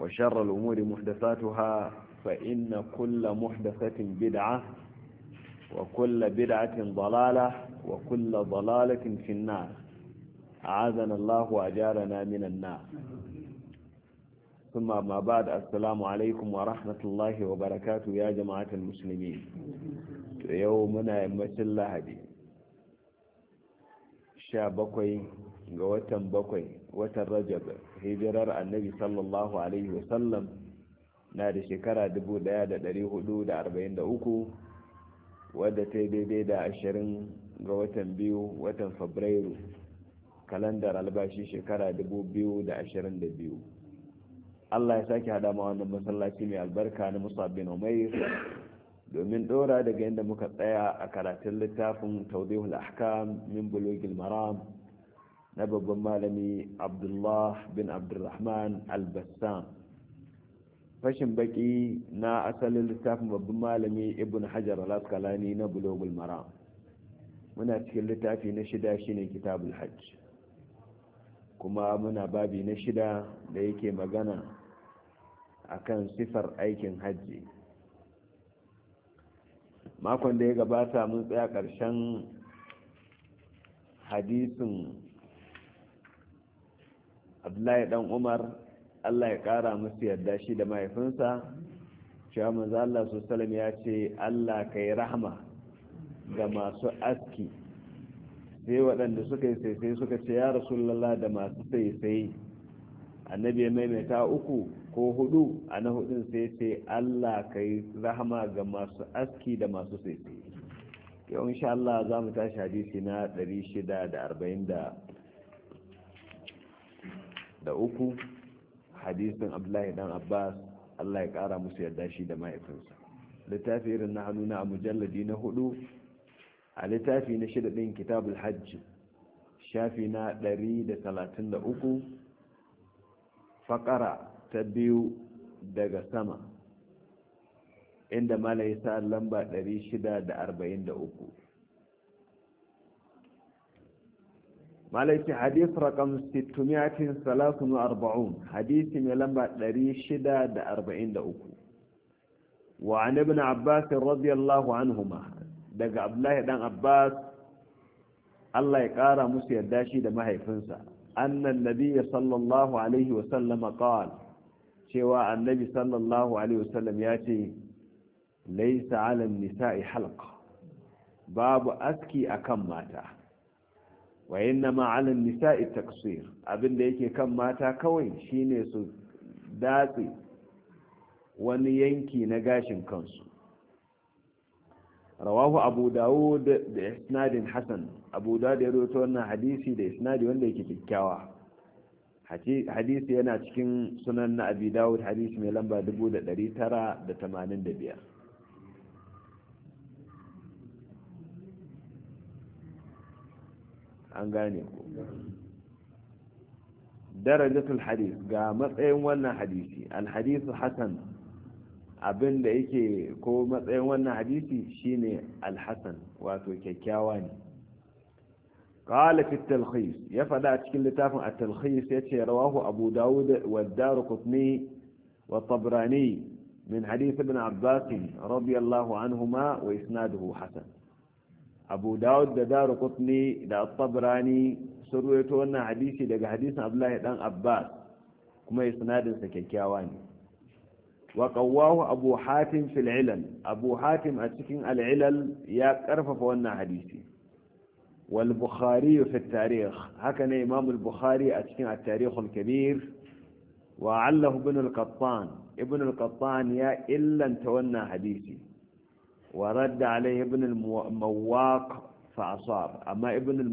وشر الأمور محدثاتها فإن كل محدثة بدعة وكل بدعة ضلالة وكل ضلالة في النار أعاذنا الله وأجارنا من النار ثم ما بعد السلام عليكم ورحمة الله وبركاته يا جماعة المسلمين يومنا يمثل لهدي شابكوي ga watan bakwai watan rajab hijirar annabi sallallahu alaihi wasallam na da shekara 1443 wadda ta daidai da ashirin ga watan biyu watan fabrairu kalandar albashi shekara da 2022 Allah ya sake hada ma wannan masallaci mai albarka na Musa bin Umair domin dora daga yadda muka tsaya a karatun littafin Tawdihul Ahkam min Bulughil Maram na babban malami abdullah bin abdulrahman albassam fashin baki na asalin littafin babban malami ibn hajar al na bulogul Mara. muna cikin littafi na shida shine kitabul hajj kuma muna babi na shida da yake magana akan sifar aikin hajji makon da ya gabata mun tsaya ƙarshen hadisin abdullahi dan umar allah ya kara musu yarda shi da mahaifinsa cewa manzo allah ya ce allah ka yi rahama ga masu aski sai waɗanda suka yi sai suka ce ya rasulullah da masu sai sai annabi ya maimaita uku ko hudu a na hudun sai ce allah ka yi rahama ga masu aski da masu sai sai yau insha Allah za mu tashi hadisi na 643 da uku hadisin abdullahi dan abbas allah ya kara musu yarda shi da mahaifinsa littafi irin na hannu na a mujalladi na hudu a littafi na shida ɗin kitabul hajji shafi na da talatin 133 fakara ta biyu daga sama inda mala ya sa lamba uku. malaiti hadith rakam 643 hadisi mai lamba 643 wa an ibn abbas radiyallahu anhuma daga abdullahi dan abbas Allah ya kara musu yarda shi da mahaifinsa annan nabiyya sallallahu alaihi wa sallama qala cewa annabi sallallahu alaihi wa sallam ya ce laysa 'ala an-nisa'i halqa babu aski akan mata wa na ala nisa'i taksir abin da yake kan mata kawai shine su datse wani yanki na gashin kansu rawahu abu dawud da isnadin hasan abu dawud ya rawaito wannan hadisi da isnadi wanda yake kyakkyawa hadisi yana cikin sunan na abi dawud hadisi mai lamba 1985 an gane ku darajatul hadis ga matsayin wannan hadisi alhadisu hasan abin da yake ko matsayin wannan hadisi shine alhasan wato kyakkyawa ne قال ya التلخيص a cikin littafin التلخيص yace rawahu Abu Dawud wa Darqutni wa Tabrani min hadith ibn Abbas radiyallahu anhuma wa isnaduhu hasan abu dawud da daru kutni da tabrani sun ruwaito wannan hadisi daga hadisin abdullahi dan abbas kuma isnadinsa kyakkyawa ne wa qawwahu abu hatim fil ilal abu hatim a cikin al ilal ya karfafa wannan hadisi wal bukhari fi tarikh haka ne imam al bukhari a cikin at tarikh al kabir wa allahu ibn al qattan ibn al qattan ya illanta wannan hadisi warar alayhi ibn al-mawwaq amma ibn al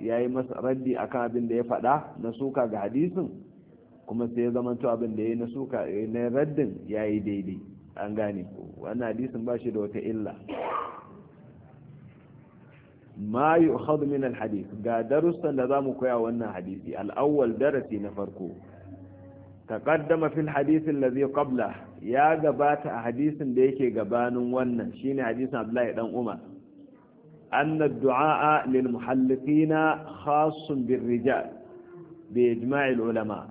ya yi masa raddi akan abin da ya faɗa na suka ga hadisin kuma sai ya zama to abin da yayi na suka na raddin yayi daidai an gane wannan hadisin ba shi da wata illa mayu yu'khad min al-hadith ga darusan da zamu koya wannan hadisi al-awwal darasi na farko taqaddama fi al-hadith alladhi qablahu ya gabata a hadisin da yake gabanin wannan shine hadisin Abdullahi dan Umar anna du'a'a lil muhallifina khassun bir rijal bi ijma'il ulama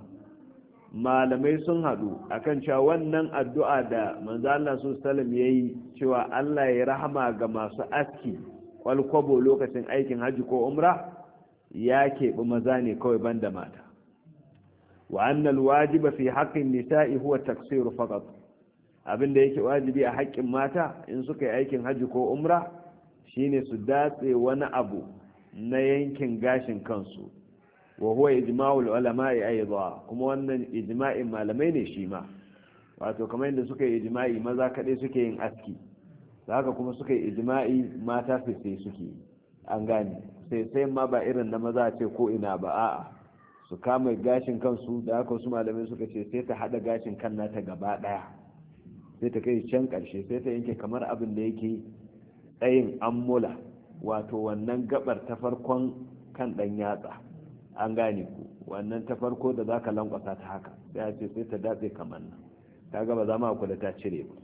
malamai sun hadu akan cewa wannan addu'a da manzo Allah su alaihi yayi cewa Allah ya rahama ga masu aski kwalkwabo lokacin aikin haji ko umra ya keɓi maza ne kawai banda mata annal wajiba fi haqqin nisa'i huwa Taksiru faqat abin da yake wajibi a haƙƙin mata in suka yi aikin hajji ko umra shine su datse wani abu na yankin gashin kansu wa huwa ijma'ul ulama'i aidha kuma wannan ijma'in malamai ne shi ma wato kamar yadda suka yi ijma'i maza kaɗai suke yin aski haka kuma suka yi ijma'i mata sai suke an gane sai sai ma ba irin na maza ce ko ina ba a'a su kama gashin kansu da haka wasu malamai suka ce sai ta haɗa gashin kan nata gaba ɗaya sai ta kai can ƙarshe sai ta yanke kamar abin da yake tsayin ammula wato wannan gabar ta farkon kan ɗan yatsa an gane ku wannan ta farko da za ka lankwasa ta haka sai a ce sai ta datse kamar nan ta gaba za ma kula ta cire ba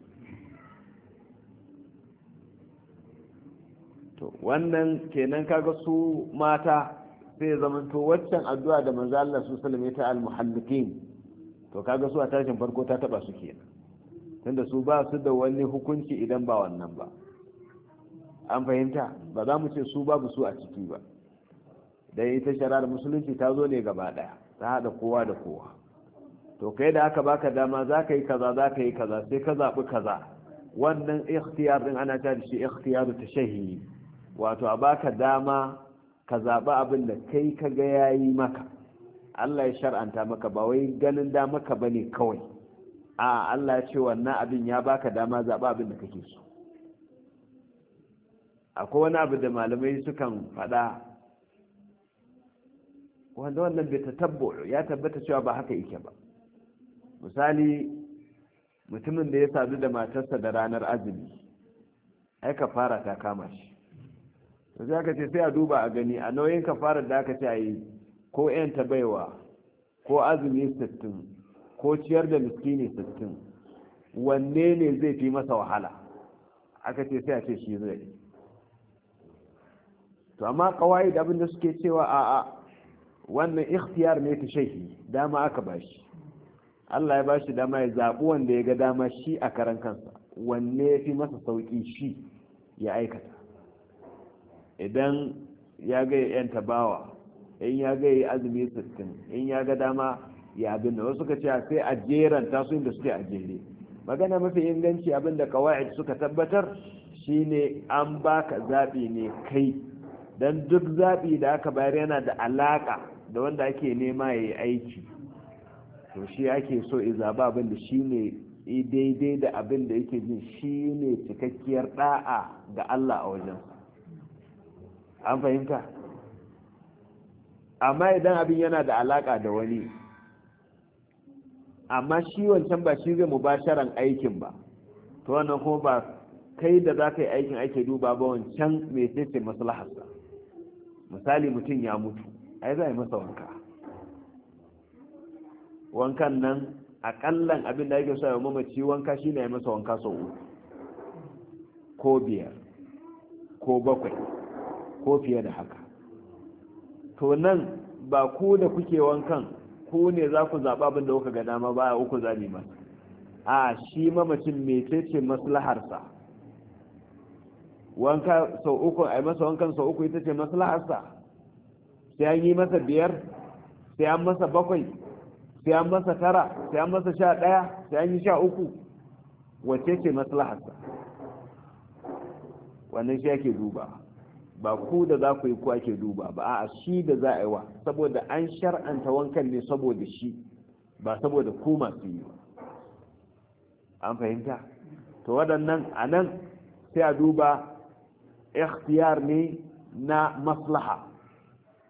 to wannan kenan kaga su mata sai zamanto waccan addu'a da manzo Allah su sallame ta al-muhallikin to kaga su a tashin farko ta taba su kenan tunda su ba su da wani hukunci idan ba wannan ba an fahimta ba za mu ce su babu su a ciki ba dan ita shari'ar musulunci ta zo ne gaba daya ta hada kowa da kowa to kai da aka baka dama za ka yi kaza za ka yi kaza sai ka zabi kaza wannan ikhtiyar din ana ta shi shi ta tashahi wato a baka dama ka zabi abin da kai ka ga yayi maka Allah ya shar'anta maka ba wai ganin da maka bane kawai a Allah ya ce wannan abin ya baka dama zaɓa abin da kake so akwai wani abu da malamai sukan faɗa wanda wannan bai ta tabbo ya tabbata cewa ba haka yake ba misali mutumin da ya sadu da matarsa da ranar azumi ai ka fara ta kama shi to sai aka ce sai a duba a gani a nauyin ka fara da aka ce a yi ko yan ta baiwa ko azumi sittin ko ciyar da miskini sittin wanne ne zai fi masa wahala aka ce sai a ce shi zai to amma kawai da abin da suke cewa a a wannan ikhtiyar ne ta shehi dama aka bashi Allah ya bashi dama ya zaɓi wanda ya ga dama shi a karan kansa wanne ya fi masa sauƙi shi ya aikata idan ya ga yanta bawa in ya ga azumi sittin in ya ga dama ya abin da suka ce sai a ta su inda suke a jere magana mafi inganci abin da kawai suka tabbatar shine an baka zabi ne kai don duk zaɓi da aka bayar yana da alaƙa da wanda ake nema ya yi aiki to shi ake so izaba abin da shi ne daidai da abin da yake jin shi ne cikakkiyar ɗa'a ga Allah a wajen an fahimta amma idan abin yana da alaƙa da wani amma shi wancan ba shi zai mubasharan aikin ba to wannan kuma ba kai da za ka yi aikin ake duba ba wancan mai ce maslaharsa misali mutum ya mutu ai za a yi masa wanka wankan nan a akallan abin da ake so ya mamaci wanka shi ne ya masa wanka sau uku ko biyar ko bakwai ko fiye da haka to nan ba ku da kuke wankan ku ne za ku zaɓa abin da kuka ga dama ba a uku zaɓi ba a shi mamacin mece ce maslaharsa wanka sau uku a masa wankan sau uku ita ce maslaharsa sai an yi masa biyar sai an masa bakwai sai an masa tara sai an masa sha ɗaya sai an yi sha uku wacce ce maslaharsa wannan shi ake duba ba ku da za ku yi ku ake duba ba a shi da za a yi wa saboda an shar'anta wankan ne saboda shi ba saboda ku masu yi an fahimta to waɗannan a nan sai a duba ikhtiyar ne na maslaha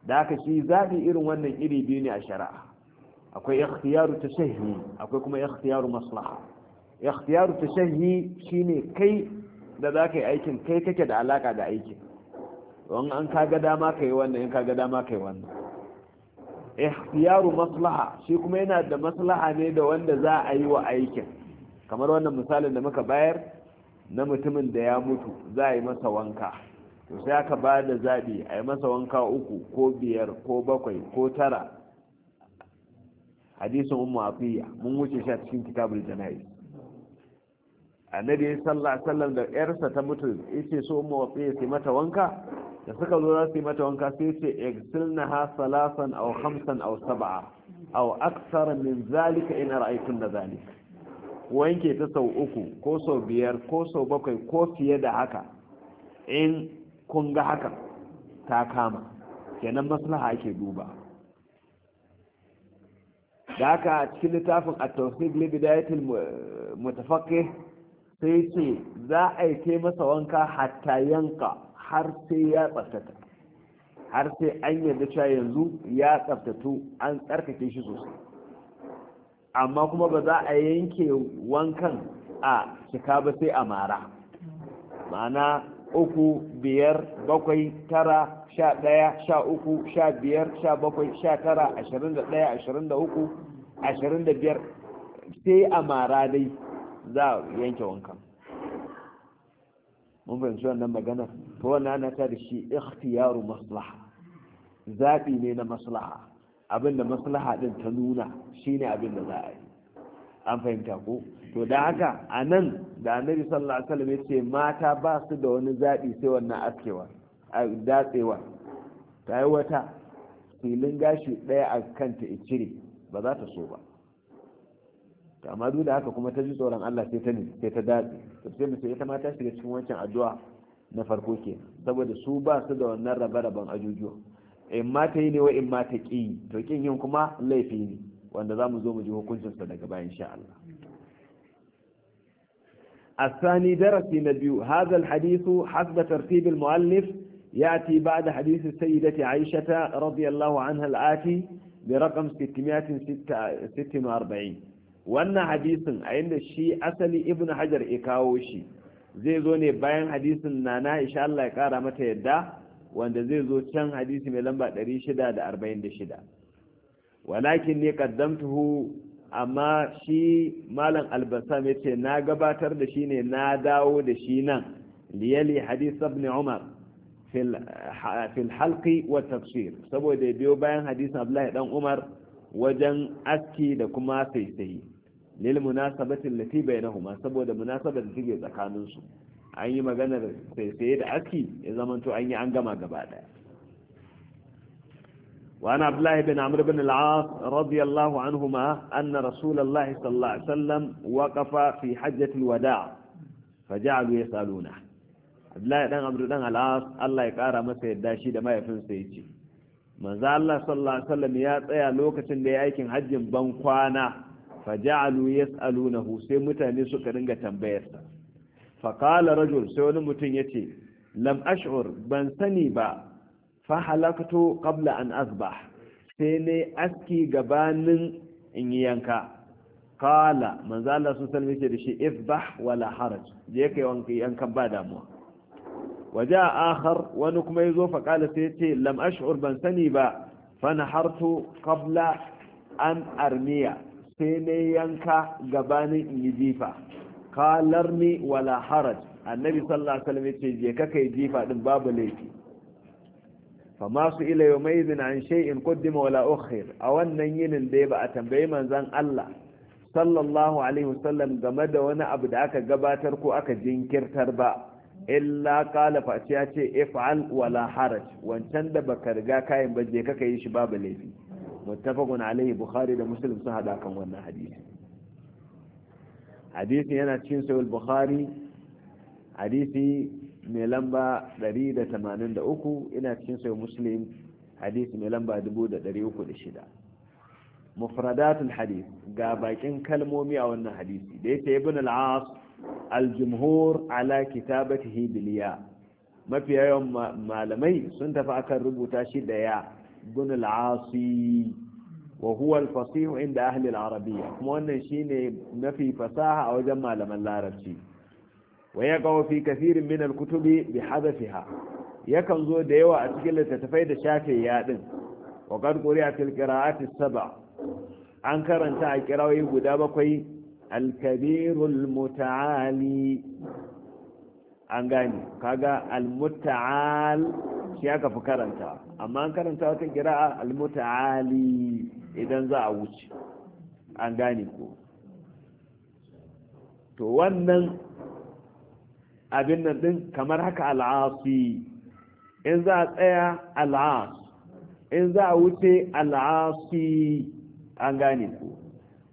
da aka shi zaɓi irin wannan iri biyu ne a shari'a akwai ikhtiyaru tashahhi akwai kuma ikhtiyaru maslaha ikhtiyaru tashahhi shine kai da ka yi aikin kai kake da alaka da aikin don an kaga dama ka yi wannan in kaga dama ka yi wannan ihtiyaru maslaha shi kuma yana da maslaha ne da wanda za a yi wa aikin kamar wannan misalin da muka bayar na mutumin da ya mutu za a yi masa wanka to sai aka ba da zaɓi a yi masa wanka uku ko biyar ko bakwai ko tara hadisin umu afiya mun wuce shi a cikin kitabul janayi annabi sallallahu alaihi wasallam da yarsa ta mutu yace so umu afiya sai mata wanka da suka zo za su yi mata wanka sai ce exilna ha salasan au hamsan au saba'a au aksar min zalika ina ra'aytun da zalik wanke ta sau uku ko sau biyar ko sau bakwai ko fiye da haka in kun ga haka ta kama kenan maslaha ake duba da haka cikin littafin a tawfiq libidayatul mutafaqih sai ce za a yi masa wanka hatta yanka har sai ya tsaftata har sai an yarda cewa yanzu ya tsaftatu an tsarkake shi sosai amma kuma ba za a yanke wankan a cika ba sai a mara mana uku biyar bakwai tara sha ɗaya sha uku sha biyar sha bakwai sha tara ashirin da ɗaya ashirin da uku ashirin da biyar sai a mara dai za a yanke wankan mun fahimci wannan magana to wannan ana ta da shi ikhtiyaru maslaha zabi ne na maslaha abin da maslaha ɗin ta nuna shine abin da za a yi an fahimta ko to da haka a nan da annabi sallallahu alaihi wasallam ya ce mata ba su da wani zaɓi sai wannan askewa a datsewa ta yi wata filin gashi ɗaya a kanta icire ba za ta so ba to amma duk da haka kuma ta ji tsoron Allah sai ta sai ta dace to sai mu ita ma ta shiga cikin wancan addu'a na farko ke saboda su ba su da wannan rabe-raben ajujuwa in ma ta yi ne wa in ma ta to kin yin kuma laifi ne wanda za mu zo mu ji su daga bayan sha Allah الثاني درس نبيو هذا الحديث حسب ترتيب المؤلف يأتي بعد حديث السيدة عائشة رضي الله عنها الآتي برقم 646 wannan hadisin a inda shi asali ibn hajar ya kawo shi zai zo ne bayan hadisin na na isha Allah ya kara mata yadda wanda zai zo can hadisi mai lamba 646 walakin ne kaddamtuhu amma shi malam albasam ya ce na gabatar da shi ne na dawo da shi nan liyali hadis ibn umar fil halqi wa tafsir saboda biyo bayan hadisin abdullahi dan umar wajen aski da kuma sai lil munasabatin allati bainahuma saboda munasabar da take tsakanin su an yi maganar saisaye da aski ya zamanto an yi an gama gaba daya وعن عبد الله بن عمرو بن العاص رضي الله عنهما أن رسول الله fi الله عليه وسلم وقف في حجة الوداع فجعلوا يسألونه dan al بن allah ya العاص الله يقارى ما سيداشي دما يفن سيدي manzo Allah sallallahu alaihi wasallam ya tsaya lokacin da ya aikin hajjin ban kwana faja'alu yas'alunahu sai mutane suka ringa tambayarsa fa qala rajul sai wani mutum yace lam ash'ur ban sani ba fa halaktu qabla an asbah sai ne aski gabanin in yanka qala manzo Allah sun salme da shi isbah wala haraj je kai wanka yankan ba damuwa waja akhar wani kuma yazo fa qala sai yace lam ash'ur ban sani ba fa nahartu qabla an armiya sai na yanka gabanin in yi jifa ni wala haraj annabi sallallahu alaihi wasallam yace je ka kai jifa din babu laifi fama su ila yawmaidin an shay'in qaddima wala ukhir a wannan yinin da ba a tambayi manzon Allah sallallahu alaihi wasallam game da wani abu da aka gabatar ko aka jinkirtar ba illa qala fa ce if'al wala haraj wancan da baka riga kayan ba je ka kai shi babu laifi muttafaqun alaihi bukhari da muslim sun hada kan wannan hadisi hadisi yana cikin sahih bukhari hadisi mai lamba 183 ina cikin sahih muslim hadisi mai lamba 306 mufradatul hadisi ga bakin kalmomi a wannan hadisi da yake ibn al-as al-jumhur ala kitabatihi bil ya mafi yawan malamai sun tafi akan rubuta shi da ya bin al-asi wa huwa al-fasih inda ahli al-arabiyya kuma wannan shine mafi fasaha a wajen malaman larabci wa yaqa fi kathirin min al-kutubi bi hadafiha yakan zo da yawa a cikin littattafai da shafe ya din wa qad quri'a fil qira'ati an karanta a kirawoyi guda bakwai al-kabirul muta'ali an gane kaga al-muta'al shi aka fi karanta amma an karanta wata kira'a al-muta'ali idan za a wuce an gane ko to wannan abin nan din kamar haka al'asi in za a tsaya al'as in za a wuce al'asi an gane ko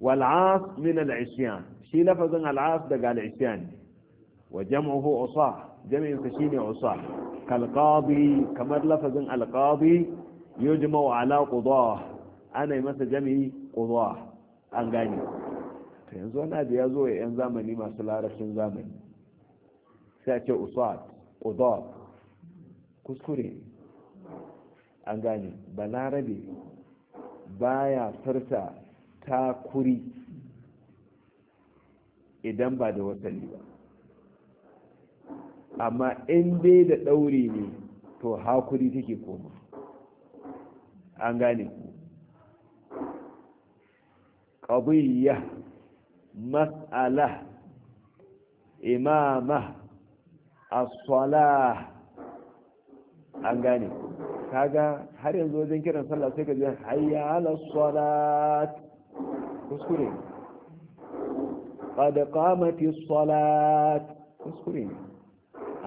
wal'as min al'isyan shi lafazin al'as daga al'isyan ne wa jam'uhu usa jami'in sa shine usa kal qadi kamar lafazin al qadi yujma'u ala qudah ana masa jami'i qudah an gane yanzu wani da ya ya yan zamani masu larabcin zamani sai ce usad udab kuskure an gane ba larabe baya furta takuri idan ba da wasali ba amma in dai da ɗauri ne to hakuri take koma an gane ku ƙabiyya mas'ala imama as an gane kaga har yanzu wajen kiran sallah sai ka ji hayya ala salat kuskure qad qamati salat kuskure ne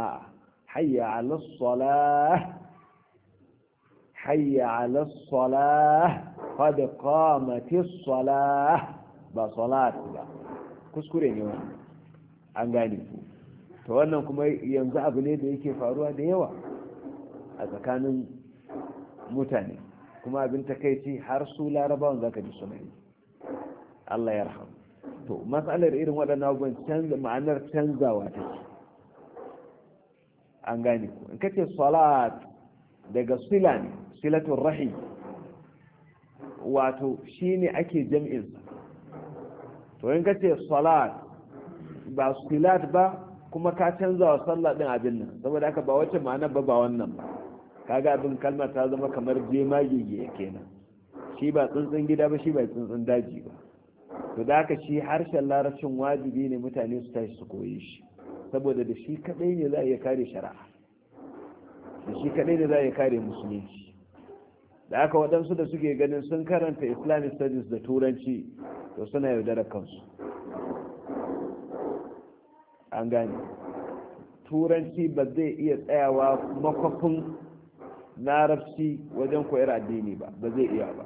a hayya ala salah hayya ala salah qad qamati salah ba salat ba kuskure ne wannan an gane ku to wannan kuma yanzu abu da yake faruwa da yawa a tsakanin mutane kuma abin takaici har su laraba zaka ji suna yi Allah ya rahama to matsalar irin waɗannan abubuwan ma'anar canzawa take an gane ku in kace salat daga sila ne rahim wato shine ake jam'in sa to in kace salat ba silat ba kuma ka canza wa sallah din abin nan saboda haka ba wacce ma'ana ba ba wannan ba kaga abin kalma ta zama kamar jemagege kenan shi ba tsuntsun gida ba shi ba tsuntsun daji ba to da haka shi harshen larabcin wajibi ne mutane su tashi su koye shi saboda da shi kadai ne za a iya kare shari'a da shi kadai ne za a iya kare musulunci da aka waɗansu da suke ganin sun karanta islamic studies da turanci to suna yaudarar kansu an gane turanci ba zai iya tsayawa makwafin larabci wajen koyar addini ba ba zai iya ba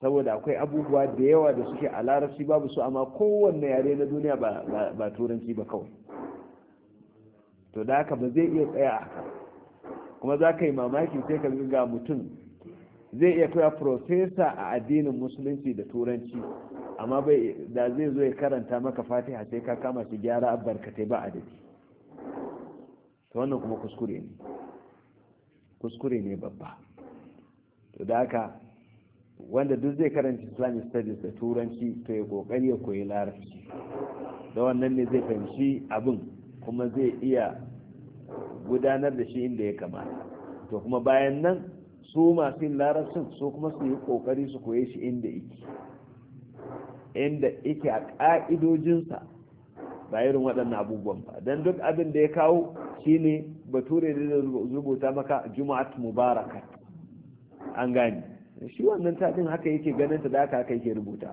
saboda akwai abubuwa da yawa da suke a larabci babu su amma kowanne yare na duniya ba turanci ba kawai to da haka ba zai iya tsaya a haka kuma za ka yi mamaki sai ka ga mutum zai iya koya profesa a addinin musulunci da turanci amma da zai zo ya karanta maka fatiha sai ka kama shi gyara abarkatai ba adadi to wannan kuma kuskure ne kuskure ne babba to da haka wanda duk zai karanta islamic studies da turanci to ya kokari ya koyi larabci da wannan ne zai fahimci abin kuma zai iya gudanar da shi inda ya kamata to kuma bayan nan su masu yin larabcin su kuma su yi kokari su koye shi inda iki inda ike a ka'idojinsa ba irin waɗannan abubuwan ba don duk abin da ya kawo shine bature da rubuta maka juma'at mubarakat an gane. shi wannan taɗin haka yake ganin ta da haka haka yake rubuta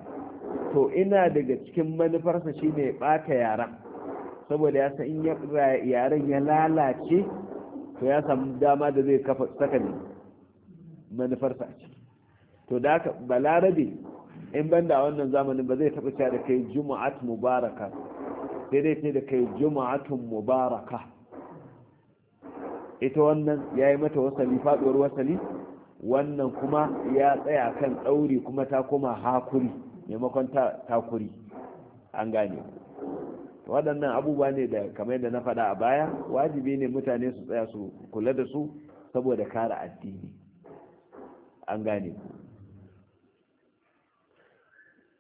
to ina daga cikin manufarsa shine ɓata yaran saboda ya san in yaran ya lalace to ya samu dama da zai kafa sakani manufarsa ce to da balarabe in banda wannan zamanin ba zai taɓa cewa da kai juma'at mubaraka sai dai sai da kai juma'atun mubaraka ita wannan ya yi mata wasali faɗuwar wasali wannan kuma ya tsaya kan tsauri kuma ta koma hakuri maimakon takuri an gane waɗannan abubuwa ne da kamar yadda na faɗa a baya wajibi ne mutane su tsaya su kula da su saboda kare addini an gane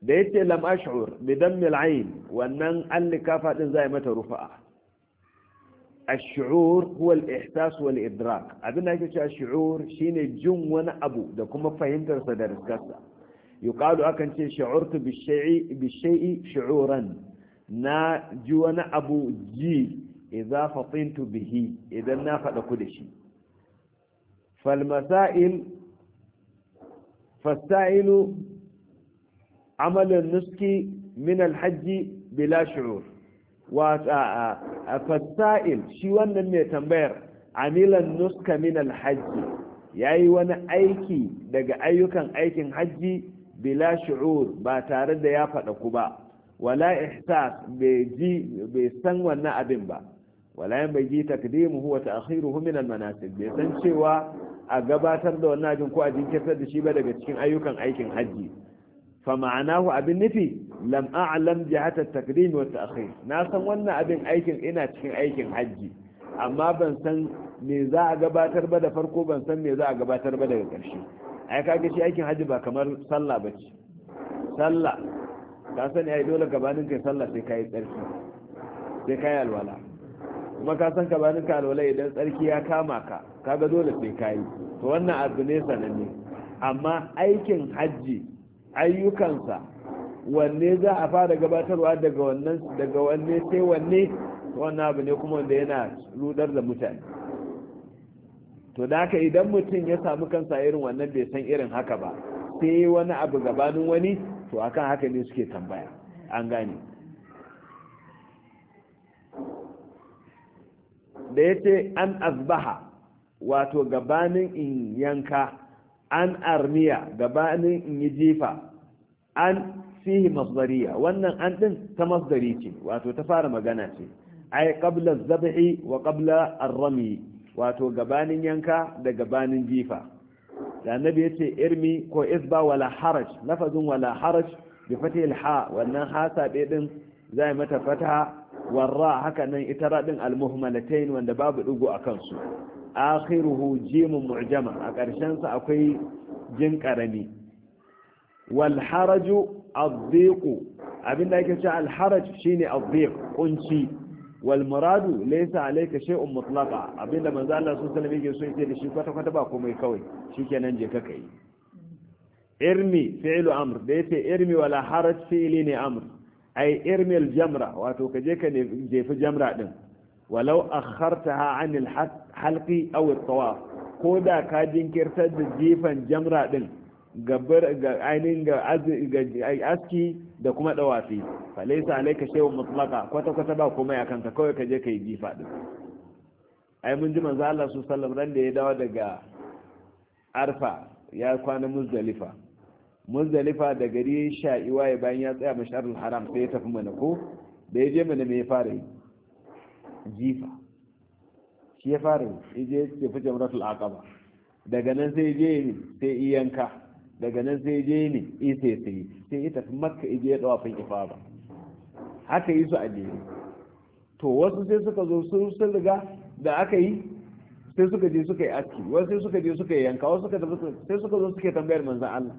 da yake lam ash'ur bi dammil ayn wannan za a zai mata rufa'a الشعور هو الإحساس والإدراك أبنى يكتشى الشعور شين جن وانا أبو دا كما فهمتر صدر سكسة يقال أكن شي شعرت بالشيء, بالشيء شعورا نا جوانا أبو جي إذا فطنت به إذا نافد كل شيء فالمسائل فاستعين عمل النسك من الحج بلا شعور وتعالى fasa'il shi wannan mai tambayar amilan nuska min alhaji yi wani aiki daga ayyukan aikin hajji bila shu'ur ba tare da ya faɗa ku ba wala ihsas bai ji bai san wannan abin ba wala yin bai ji takdimuhu wa ta'khiruhu min almanasik bai san cewa a gabatar da wannan abin ko a jinkirtar da shi ba daga cikin ayyukan aikin hajji fa ma'anahu abin nufi lam a'lam jihata takdim wa ta'khir na san wannan abin aikin ina cikin aikin hajji amma ban san me za a gabatar ba da farko ban san me za a gabatar ba daga ƙarshe ai kaga shi aikin hajji ba kamar sallah bace sallah ka sani ai dole gabanin kai sallah sai kai tsarki sai kai alwala kuma ka san idan tsarki ya kama ka kaga dole sai wannan abu ne sananne amma aikin hajji ayyukansa wanne za a fara gabatarwa daga wannan daga wanne sai wanne wannan abu ne kuma wanda yana rudar da mutane to da haka idan mutum ya samu kansa irin wannan bai san irin haka ba sai wani abu gabanin wani to akan haka ne suke tambaya an gane da ya ce an azbaha wato gabanin in yanka an armiya gabanin in yi jefa an fihi masdariya wannan an din ta masdari ce wato ta fara magana ce ai qabla zabhi wa qabla arrami wato gabanin yanka da gabanin jifa da annabi yace irmi ko isba wala haraj lafazun wala haraj bi fatil ha wannan ha sabe din zai mata fataha warra haka nan ita ra din al wanda babu dugo akan su akhiruhu jimun mu'jama a ƙarshensa akwai jin ƙarami wal haraju abin abinda yake cewa al haraj shine azziq kunci wal muradu laysa alayka shay'un mutlaqa abinda manzo Allah sallallahu alaihi wasallam yake so yace da shi kwata kwata ba komai kawai shikenan je ka kai irmi fi'lu amr da yace irmi wala haraj fi'li ne amr ai irmi al jamra wato ka je ka jefa jamra din walau akhartaha anil halqi aw at-tawaf ko da ka jinkirtar da jifan jamra din gabar ga ainin ga aski da kuma dawafi falaisa alayka shay'un mutlaqa kwata kwata ba komai akan ka kawai ka je kai jifa din ai mun ji manzo Allah su sallam ran da ya dawo daga arfa ya kwana muzdalifa muzdalifa da gari sha'iwa ya bayan ya tsaya mashar haram sai ya tafi mana ko da ya je mana me ya fara yi jifa shi ya fara ije ya ce fice muratul aqaba daga nan sai je ne sai iyanka daga nan sai je ne isa sai sai ya tafi makka ije ya dawa fin ifaba haka yi su a jere to wasu sai suka zo sun riga da aka yi sai suka je suka yi aski wasu sai suka je suka yi yanka wasu suka tafi sai suka zo suka tambayar manzon Allah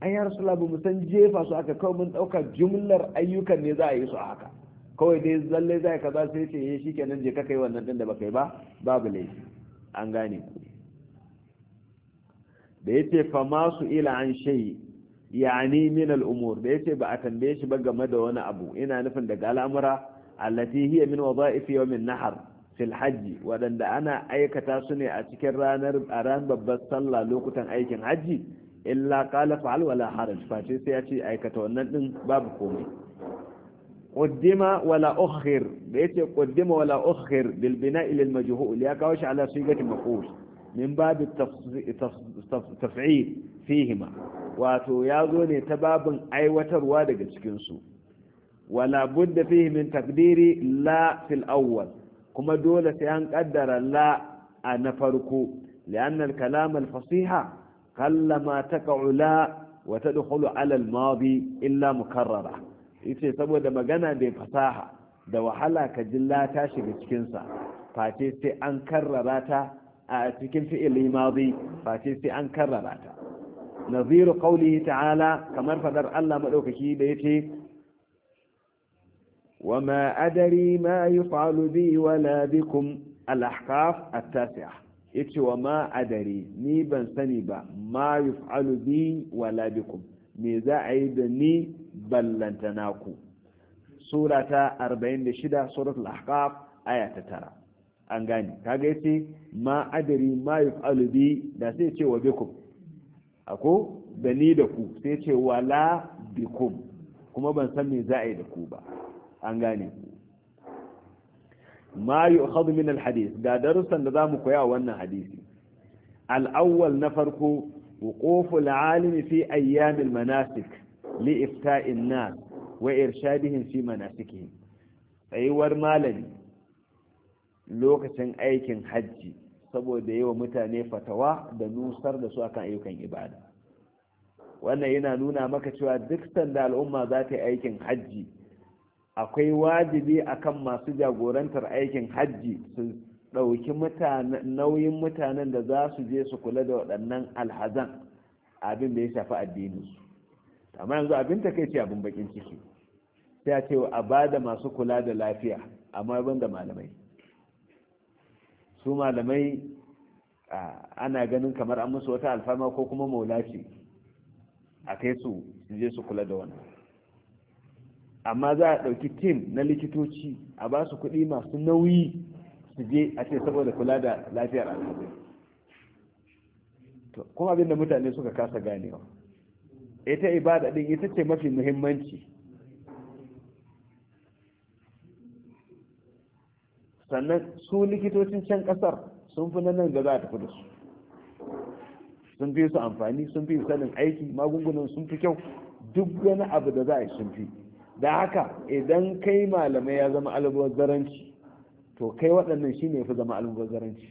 ayyar sulabu rasulullah mu san jefa su aka kawo mun dauka jumlar ayyukan ne za a yi su a haka kawai dai zalle zai kaza sai ce eh, shi kenan je ka kai wannan din da baka yi ba babu laifi an gane ku da ce fa masu ila an shay yani min al'umur umur da yace ba a tambaye shi ba game da wani abu ina nufin daga al'amura allati hiya min wadha'if wa min nahar fil hajj wadanda ana aikata su ne a cikin ranar a ran babbar sallah lokutan aikin hajji illa qala fa'al wala haraj fa sai ya ce aikata wannan din babu komai قدم ولا أخر بيت قدم ولا أخر بالبناء للمجهول يا كوش على صيغة مفعول من باب التفعيل فيهما واتو يازوني تباب أي وتر وادق سكنسو ولا بد فيه من تقدير لا في الأول كما دولة أن قدر لا أنفركو لأن الكلام الفصيحة قل ما تقع لا وتدخل على الماضي إلا مكررة yace saboda magana bai fasaha da wahala ka jilla ta shiga cikinsa face sai an karrara ta a cikin fi'ili madi face sai an karrara ta naziru qawlihi ta'ala kamar fadar Allah madaukaki da yace wama adari ma yuf'alu bi wala bikum al-ahqaf at-tasi'ah yace wama adari ni ban sani ba ma yuf'alu bi wala bikum me za a yi da ni ballanta naku sura ta 46 suratul ahqaf aya ta tara an gane kaga yace ma adari ma yuf'alu bi da sai ce wa bikum ako da ni da ku sai ce wala bikum kuma ban san me za a yi da ku ba an gane ku ma yu'khadhu min al-hadith ga darussan da zamu koya wannan hadisi al-awwal na farko وقوف العالم في أيام المناسك na الناس وإرشادهم في مناسكهم tsayuwar malami lokacin aikin hajji saboda yi wa mutane fatawa da nusar da su akan ayyukan ibada wannan yana nuna maka cewa duk sanda al'umma zata yi aikin hajji akwai wajibi akan masu jagorantar aikin hajji su ɗauki nauyin mutanen da za su je su kula da waɗannan alhazan abin da ya shafi addininsu amma yanzu abin ta kai ce abin bakin ciki sai a ce a ba masu kula da lafiya amma ban da malamai su malamai ana ganin kamar an musu wata alfama ko kuma maulaci a kai su je su kula da wannan amma za a ɗauki tim na likitoci a ba su kuɗi masu nauyi su je a ce saboda kula da lafiyar alhazai to kuma abinda mutane suka kasa ganewa ita ibada din ita ce mafi muhimmanci sannan su likitocin can kasar sun fi nan da za a tafi da su sun fi su amfani sun fi sanin aiki magungunan sun fi kyau duk wani abu da za a yi sun fi da haka idan kai malamai ya zama albuwar zaranci to kai waɗannan shine ya fi zama almubazzaranci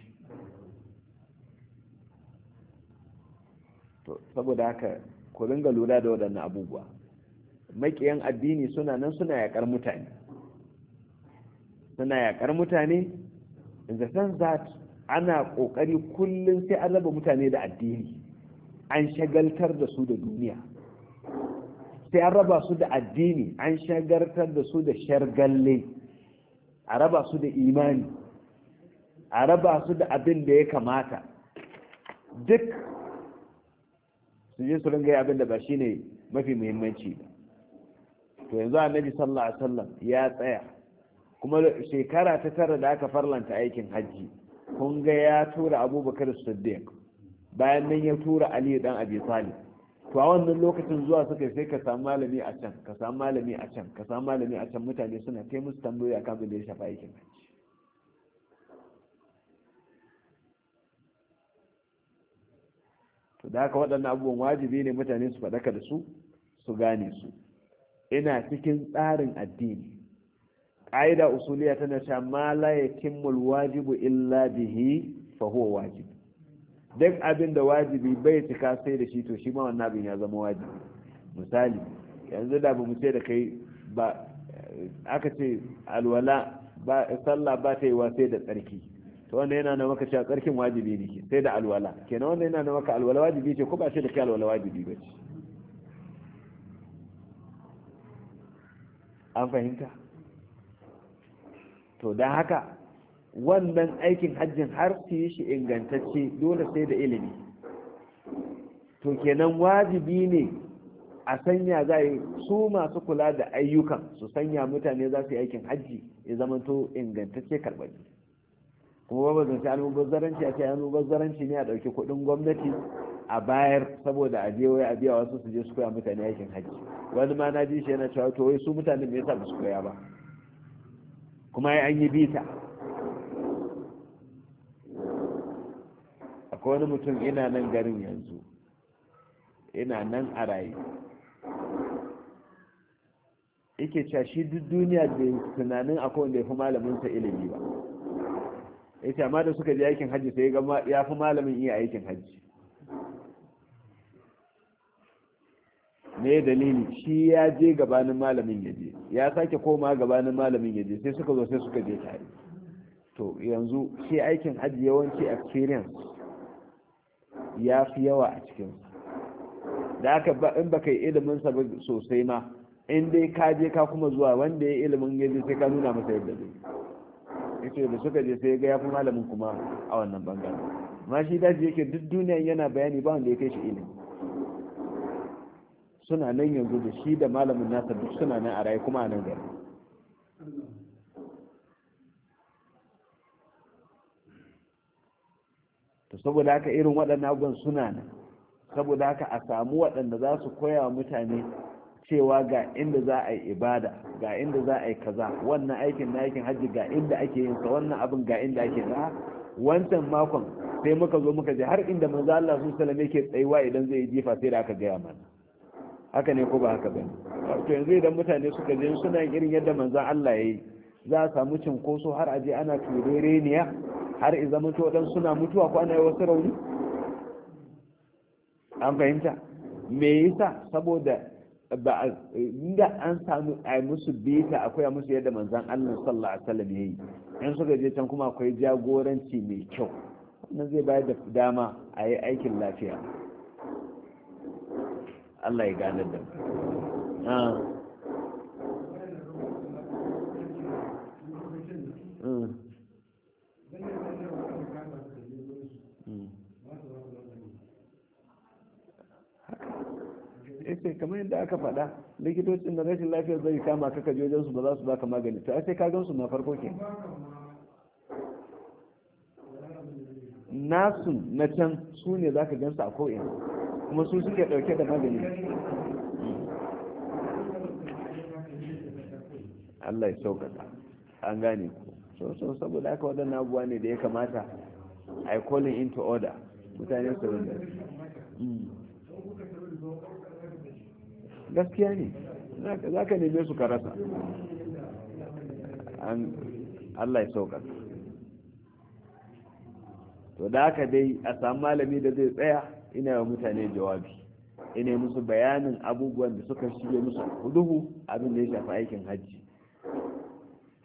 to saboda haka ku ringa lura da waɗannan abubuwa maƙiyan addini suna nan suna yaƙar mutane suna yaƙar mutane in da san that ana ƙoƙari kullum sai an raba mutane da addini an shagaltar da su da duniya sai an raba su da addini an shagaltar da su da shargalle a raba su da imani a raba su da abin da ya kamata duk su je su ringa abin da ba shi ne mafi muhimmanci ba to yanzu annabi sallallahu alaihi wasallam ya tsaya kuma shekara ta tara da aka farlanta aikin hajji kun ga ya tura abubakar siddiq bayan nan ya tura ali dan abi talib to wannan lokacin zuwa suka sai ka samu malami a can ka samu malami a can ka samu malami a can mutane suna kai musu tambayoyi akan abin da ya shafa aikin hajji to da haka waɗannan abubuwan wajibi ne mutane su faɗaka da su su gane su ina cikin tsarin addini ƙa'ida usuliya tana cewa ma la yakimul wajibu illa bihi fa huwa wajib duk abin da wajibi bai cika sai da shi to shi ma wannan abin ya zama wajibi misali yanzu da ba mu ce da kai ba aka ce alwala ba sallah ba ta yi wa sai da tsarki to wanda yana na maka cewa tsarkin wajibi ne sai da alwala kenan wanda yana na maka alwala wajibi ce ko ba sai da kai alwala wajibi ba ce an fahimta to dan haka wannan aikin hajjin har su yi shi ingantacce dole sai da ilimi to kenan wajibi ne a sanya za yi su masu kula da ayyukan su sanya mutane za su yi aikin hajji ya zamanto ingantacce karɓaɓɓe kuma ba zan sai a ce almubazzaranci ne a ɗauki kuɗin gwamnati a bayar saboda a biya a biya wasu su je su koya mutane aikin hajji wani ma na ji shi yana cewa to wai su mutane me yasa ba su koya ba kuma an yi bita akwai wani mutum ina nan garin yanzu ina nan a rayu yake cewa shi duk duniya da tunanin akwai wanda ya fi malaminsa ilimi ba ya ce amma da suka je aikin hajji sai ya fi malamin iya aikin hajji ne dalili shi ya je gabanin malamin ya je ya sake koma gabanin malamin ya je sai suka zo sai suka je tare to yanzu shi aikin hajji yawanci experience ya fi yawa a cikinsu da aka in ba ka yi ilimin sa sosai ma in dai ka je ka kuma zuwa wanda ya ilimin ya je sai ka nuna masa yadda zai ita da suka je sai ga ya fi malamin kuma a wannan bangaren amma shi daji yake duk duniyan yana bayani ba wanda ya kai shi ilimi suna nan yanzu da shi da malamin nasa duk suna nan a rayu kuma a nan gari to saboda haka irin waɗannan abubuwan suna nan saboda haka a samu waɗanda za su koya wa mutane cewa ga inda za a yi ibada ga inda za a yi kaza wannan aikin na aikin hajji ga inda ake yin sa wannan abin ga inda ake za wancan makon sai muka zo muka je har inda manzo Allah su sallame yake tsayuwa idan zai jifa sai da aka gaya mana haka ne ko ba haka bane to yanzu idan mutane suka je suna irin yadda manzo Allah yayi za a samu cinkoso har aje ana turereniya har in zama to dan suna mutuwa ko ana yi wasu rauni an fahimta me yasa saboda ba a, inda an samu a musu bita akwai a musu yadda manzan Allah a salam ya yi? yan suka je can kuma akwai jagoranci mai kyau wannan zai bayar da dama a yi aikin lafiya Allah ya gane da mu kamar yadda aka faɗa likitocin da rashin lafiyar zai kama ka kaje wajen su ba za su baka magani ta sai ka gan su na farko ke nasu na can su ne za ka gan su a ko'in kuma su suke ɗauke da magani Allah ya saukata an gane ku so so saboda aka waɗannan abubuwa ne da ya kamata a yi calling into order mutane su rinda hmm. gaskiya ne za ka neme su ka rasa an allah ya sauka to da aka dai a samu malami da zai tsaya ina wa mutane jawabi ina musu bayanin abubuwan da suka shige musu duhu abin da ya shafi aikin hajji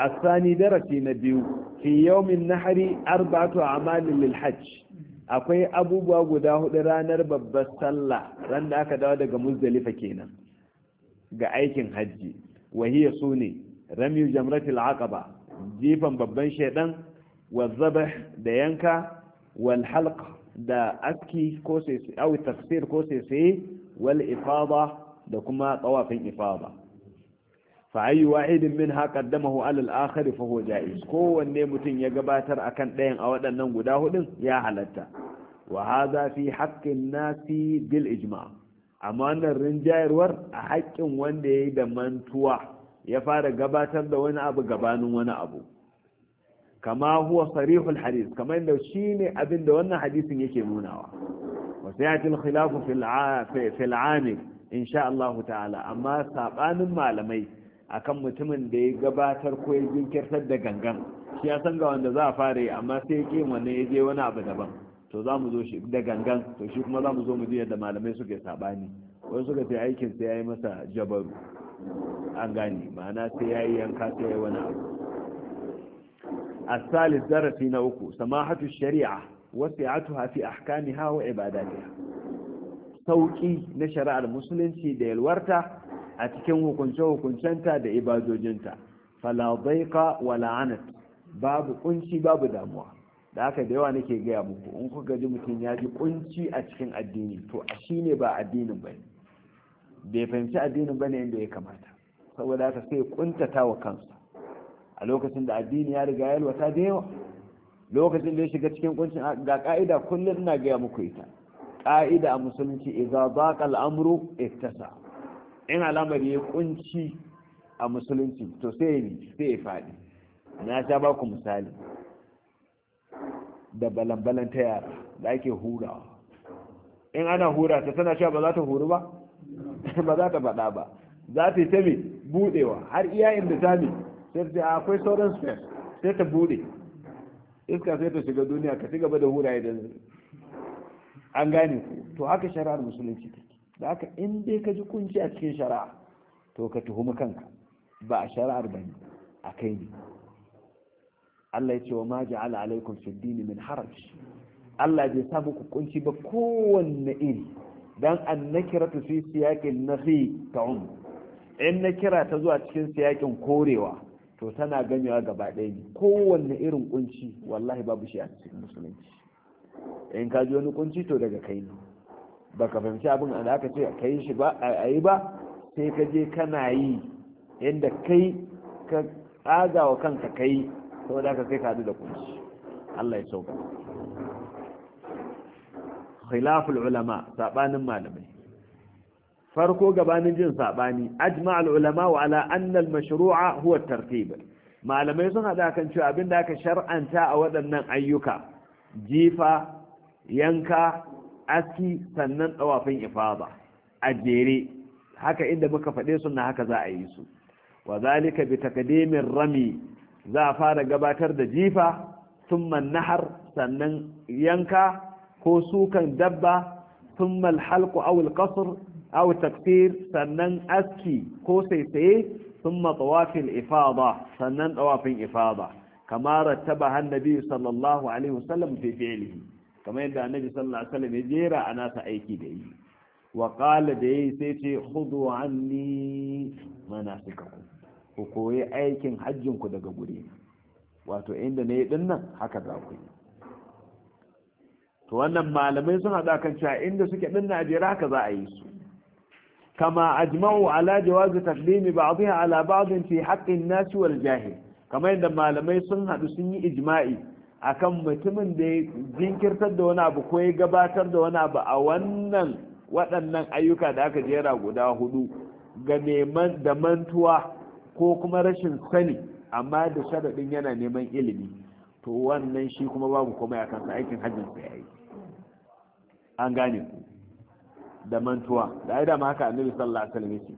الثاني درسي نبيو في يوم النحر أربعة أعمال للحج akwai abubuwa guda hudu ranar babbar sallah ran da aka dawo daga muzdalifa kenan ga aikin hajji wahiya su ne ramiyu jamratul aqaba jifan babban shaidan wa zabah da yanka wal halq da aski ko sai tafsir ko sai sai wal ifada da kuma tawafin ifada fa ayi wahidin min ha qaddamahu ala al akhir fa huwa jaiz kowanne mutum ya gabatar akan ɗayan a waɗannan guda hudun ya halatta wa hadha fi haqqin nasi bil ijma' amma wannan rinjayarwar a haƙƙin wanda ya yi da mantuwa ya fara gabatar da wani abu gabanin wani abu kama huwa sarihul hadis kamar da shi ne abin da wannan hadisin yake nunawa wasu ya til khilafu fil'amil insha Allah ta'ala amma saɓanin malamai akan mutumin da ya gabatar ko ya jinkirtar da gangan shi ya san ga wanda za a fara yi amma sai ya ƙi wannan ya je wani abu daban to za mu zo shi da gangan to shi kuma za mu zo mu ji yadda malamai suke sabani wani suka ce aikin sai ya yi masa jabaru an gane ma'ana sai ya yi yanka sai ya yi wani abu na shari'a, wasu نوكو سماحة الشريعة وسعتها في hawa وعباداتها sauƙi na shari'ar musulunci da yalwarta a cikin hukunce-hukuncenta da ibadojinta fala daika wala anat babu kunci babu damuwa da haka da yawa nake gaya muku in kuka ji mutum ya ji kunci a cikin addini to a shi ne ba addinin ba bai fahimci addinin ba ne yadda ya kamata saboda haka sai kuntata wa kansa a lokacin da addini ya riga ya lwata da yawa lokacin da ya shiga cikin kuncin ga ka'ida kullum na gaya muku ita ka'ida a musulunci idza baqa al'amru ittasa in al'amari ya kunci a musulunci to sai ya sai ya faɗi na sha ba ku misali da balan ta yara da ake hura in ana hura ta tana sha ba za ta huru ba ba za ta faɗa ba za ta yi ta mai buɗewa har iya inda ta mai sai ta akwai sauran space sai ta buɗe iska sai ta shiga duniya ka ci gaba da hura idan an gane to haka shari'ar musulunci take da haka in dai ka ji kunci a cikin shari'a to ka tuhumi kanka ba a shari'ar ne a kai ne Allah ya ce wa ma ala alaikun fiddini min haraji. Allah bai sa muku kunci ba kowanne iri dan yi fi na fi ta'un in na kira ta zuwa cikin siyakin korewa to tana gamewa gaba ɗaya ne kowanne irin kunci wallahi babu shi a cikin musulunci in ka ji wani kunci to daga kai ne baka fahimci abin da aka ce ka yi shi ba a yi ba sai ka je kana yi Inda kai ka tsaga wa kanka kai sau da ka sai ka da kunci Allah ya sauka khilaful ulama sabanin malamai farko gabanin jin sabani ajma'ul ulama wa ala anna al mashru'a huwa tartib malamai sun hada kan cewa abinda aka shar'anta a waɗannan ayyuka jifa yanka aski sannan tsawafin ifada a jere haka inda muka faɗe suna haka za a yi su wa zalika bi rami za a fara gabatar da jifa summan nahar sannan yanka ko sukan dabba summal halku awul kasur aw takfir sannan aski ko saisaye summa tawafin ifada sannan tawafin ifada kama taba annabi sallallahu alaihi wasallam fi fi'lihi kama yadda annabi sallallahu alaihi wasallam ya jera a nasa aiki da yi wa qala da yayi sai ce khudu anni manasikakum ku koyi aikin hajjin ku daga guri wato inda ne din nan haka za ku yi to wannan malamai sun haɗa kan cewa inda suke din na haka za a yi su kama ajma'u ala jawazi taqdimi ba'dihi ala ba'din fi haqqin nas wal jahil kamar yadda malamai sun haɗu sun yi ijma'i akan mutumin da ya jinkirtar da wani abu ko ya gabatar da wani abu a wannan waɗannan ayyuka da aka jera guda hudu ga neman da mantuwa ko kuma rashin sani amma da sharaɗin yana neman ilimi to wannan shi kuma babu komai a kansa aikin hajjin sa yayi an gane ku da mantuwa da ai da ma haka annabi sallallahu alaihi wasallam yace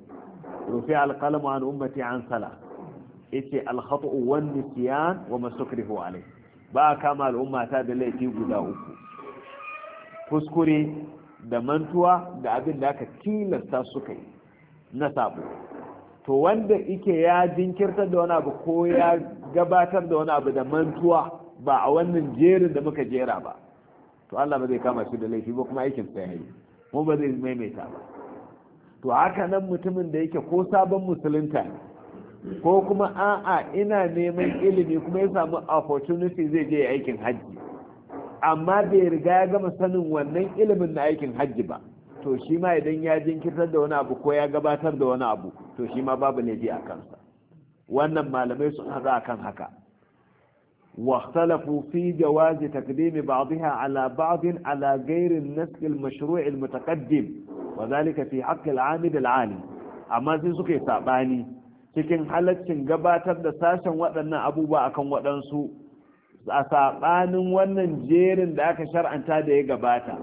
rufi alqalamu an ummati an sala yace alkhata'u wan nisyan wa masukrihu alai ba kama al'umma ta da laifi guda uku kuskure da mantuwa da abin da aka tilasta suka yi na sabo to wanda ike ya jinkirta da wani abu ko ya gabatar da wani abu da mantuwa ba a wannan jerin da muka jera ba to Allah ba zai kama shi da laifi ba kuma aikin sa yayi mu ba zai maimaita ba to haka nan mutumin da yake ko sabon musulunta ne ko kuma a'a ina neman ilimi kuma ya samu opportunity zai je aikin hajji amma bai riga ya gama sanin wannan ilimin na aikin hajji ba to shi ma idan ya jinkirtar da wani abu ko ya gabatar da wani abu to shi ma babu laifi a kansa wannan malamai sun haɗa akan haka واختلفوا في جواز تقديم بعضها على بعض على غير النسك المشروع المتقدم وذلك في حق العامل العالي amma sai suke saɓani cikin halaccin gabatar da sashen waɗannan abubuwa akan waɗansu a saɓanin wannan jerin da aka shar'anta da ya gabata